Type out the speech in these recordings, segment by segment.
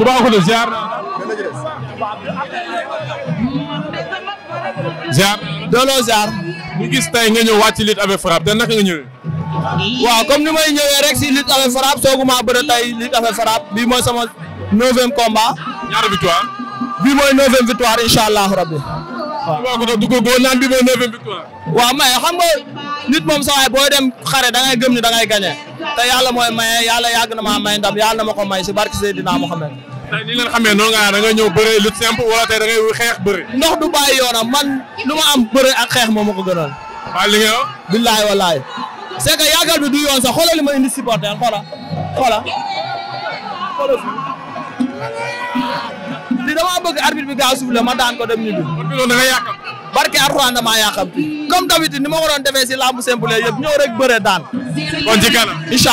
Toubacouta ziar ziar dooloo ziar ñu gis tey nga ñëw wàcc lutte avec frappe da naka nga ñëwee waaw comme ni may ñëwee rek si lutte avec frappe sooguma bëre tey lutte avec frappe bii mooy sama neuvième combat victoire bii mooy neuvième victoire incha rabbi Toubacouta du ko mooy neuvième xam nga nit moom sax booy dem xare da ngay gëm ni da ngay gagné te yàlla mooy maye yàlla yàgg na maa may ndam yàlla na ma ko may si barke Seydina tey ni leen xamee noonu nga da nga ñëw bëre lu simple wala tey da ngay xeex bëre. ndox du bàyyi yoonam man lu ma am bëre ak xeex moo ma ko gënal. waaw li nga wax. billaay du yoon sax xoolal li ma indi supporter xoola xoola xoola dama bëgg arbitre bi gaaw suuf la ma daan ko dem ñu bi bi loolu da nga yàqam. barke Alxuraan damaa yàqam fi comme d'habitude ni ma ko doon defee si lambu simple yëpp ñëw rek bëre daan. kon ci kanam incha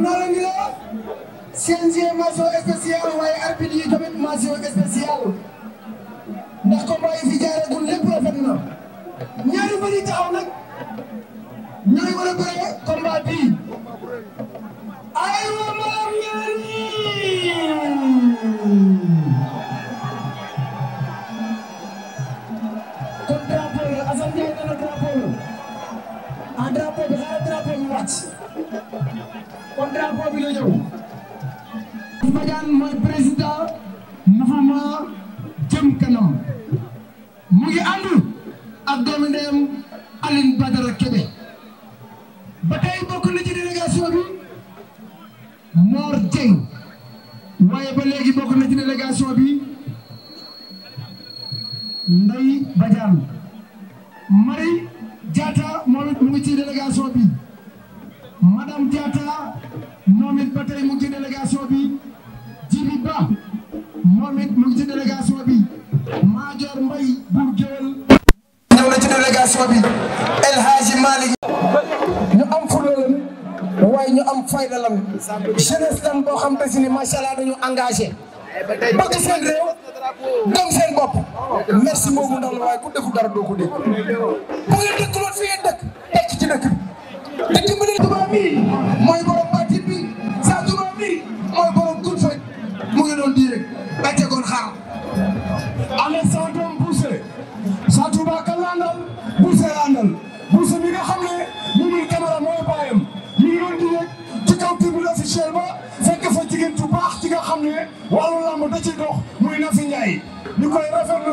honoré ni la CNG mention spéciale waaye arbitre yi tamit mention spéciale ndax combat yi fi jaaragul lépp rafet na ñaari mbër yi taxaw nag ñooy war a bëre combat bii aywa maam ñaari kon drapeau la Assane Ndiaye nee na drapeau la ah drapeau bi xaaral drapeau bi wàcc kon drapeau bi la ñëw. mooy président mouvement jëm kanam mu ngi ànd ak doomu Badara Kébé ba tey bokk na ci délégation bi Mor Dieng waaye ba léegi bokk na ci délégation bi. madame Diatta moom it ba tey mu ngi ci délégation bi Djibi Ba moom it mu ngi Major Mbaye Bour Gueweul ñëw na ci délégation bi El Hadji Malick waaye ñu am fayda lam jeunesse lan boo xam te si ni macha allah dañu engagé bëgg seen réew gëm seen bopp merci boobu ndaw la waaye ku dëkku dara doo ko dégg ku ngeen fi ngeen dëkk tekk ci dëkk bi te mii mooy borom bàccit bi saa tuba mii mooy borom gudd mu ngi doon di rek bàcce kon xaar Alexandre Bousse saa tuba kan la àndal Bousse la àndal Bousse mi xam ne mu ngi caméra mooy baayam mi ngi doon di rek ci kaw tribune officielle ba fekk fa jigéen ju baax ci xam ne wàllu lamb da ci dox muy Nafi Ndiaye ñu koy rafetlu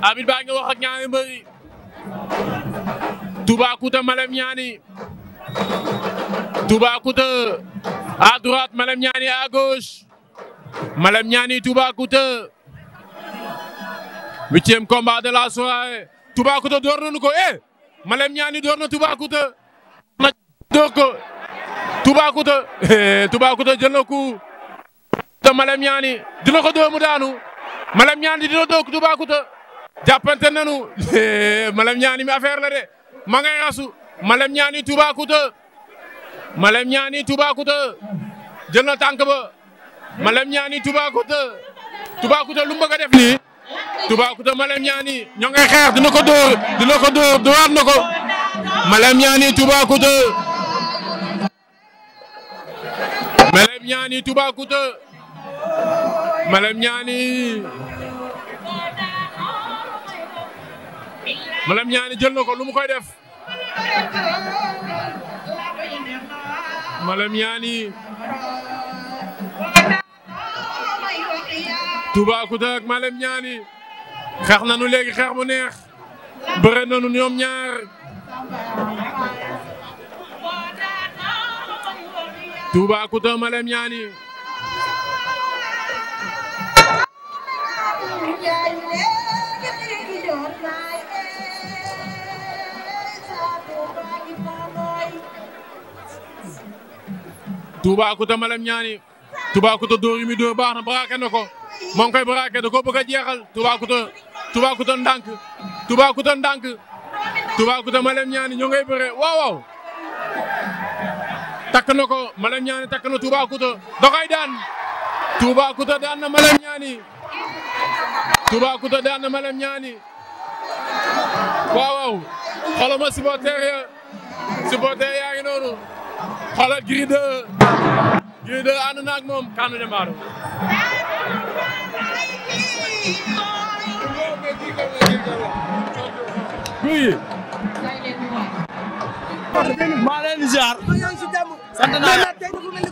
Habib baa ngi wax ak ñaari mbër yi Toubacouta Malem Niani Toubacouta à droite Malem Niani à gauche Malem Niani Toubacouta huitième combat de la soirée Toubacouta door nañu ko eh Malem Niani door na Toubacouta na door ko Toubacouta eh, Toubacouta jël na ko te Malem Niani dina daanu Malem Niani dina doog Toubacouta jàppante nanu Malem Niani affaire la de ma ngay rasu Malem Niani Toubacouta Malem Niani Toubacouta jël na tànk ba Malem ñaani Toubacouta Toubacouta lu mu def nii Toubacouta Malem Niani ñoo ngay xeex dina ko dóor dina ko dóor dóoraat na ko Malem Niani Toubacouta Malem Niani Toubacouta Malam ñaani jël na ko lu mu koy def Malam ñaani Toubacouta ak Malam ñaani xeex nañu léegi xeex bu neex bëre nañu ñoom ñaar Toubacouta Malam ñaani Toubacouta Malem Niani Toubacouta dóor yi muy dóor baax na braqué na ko moo ngi koy braqué da koo a jeexal Toubacouta Toubacouta ndànk Toubacouta ndànk Toubacouta Malem Niani ñoo ngay bëree waaw waaw ko Malem Niani takk na Toubacouta da koy daan Toubacouta daan na Malem Niani Toubacouta daan na Malem Niani waaw waaw xoloma supporter ya supporter yaa ngi noonu xoolal Gris 2 Gris 2 moom Kaanu Demba guy maa ni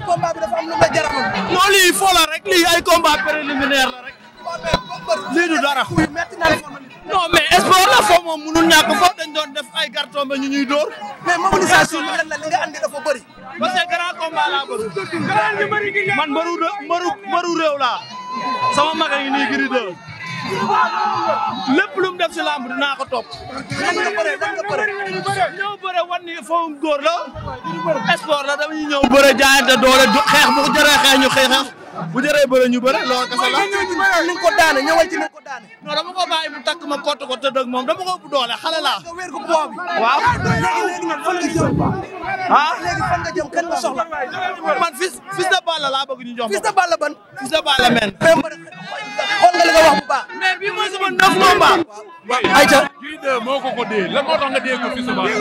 combat bi lii foo la lii ay combat préliminaire la rek. lii du dara. non mais espoir la foo moom munul ñàkk fa. dañ doon def ay carton ba ñu ñuy dóor. mais mobilisation bi lan la li nga andi dafa bëri. parce que grand combat laa bëri. man mbaru mbaru mbaru sama mag a nii Gris 2. lépp lu def si lamb dinaa ko topp. lan nga bëree lan ñëw bëre wan ni foofu góor la. sport la dañuy ñëw bëre jaayante doole xeex bu ko jëree xeex ñu xeexal. bu jëree bëre ñu bëre loolu kasa la ni nga ko daane ñëwal ci ni nga ko daane non dama ko bàyyi mu takk ma kott ko tëdd ak moom dama ko bu doole xale laa nga wér ko poids bi waaw léegi léegi nag fan nga jëm ah léegi fan nga jëm kan nga soxla man fils fils de Balla laa bëgg ñu jox fils de Balla ban fils de Balla men xool nga li nga wax bu baax mais bii mooy sama neuf combat ayca kii de moo ko ko dee lan moo tax nga dee ko fils de Balla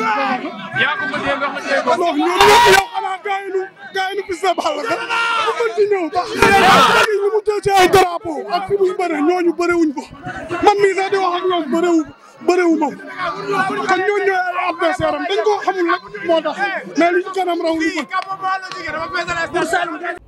yaa ko ko dee nga ko dee ko ñoom ñëpp yow xanaa gaayinu gaayinu fils de Balla di ñëw ba xale yi li mu jël ci ay drapeau ak fi muy bëre ñooñu bëriwuñ ko man mii sax wax ak ñoom bëriwu bëriwuma ko kon ñooñu ñooy ay adversaire am dañ koo xamul nag moo tax kanam raw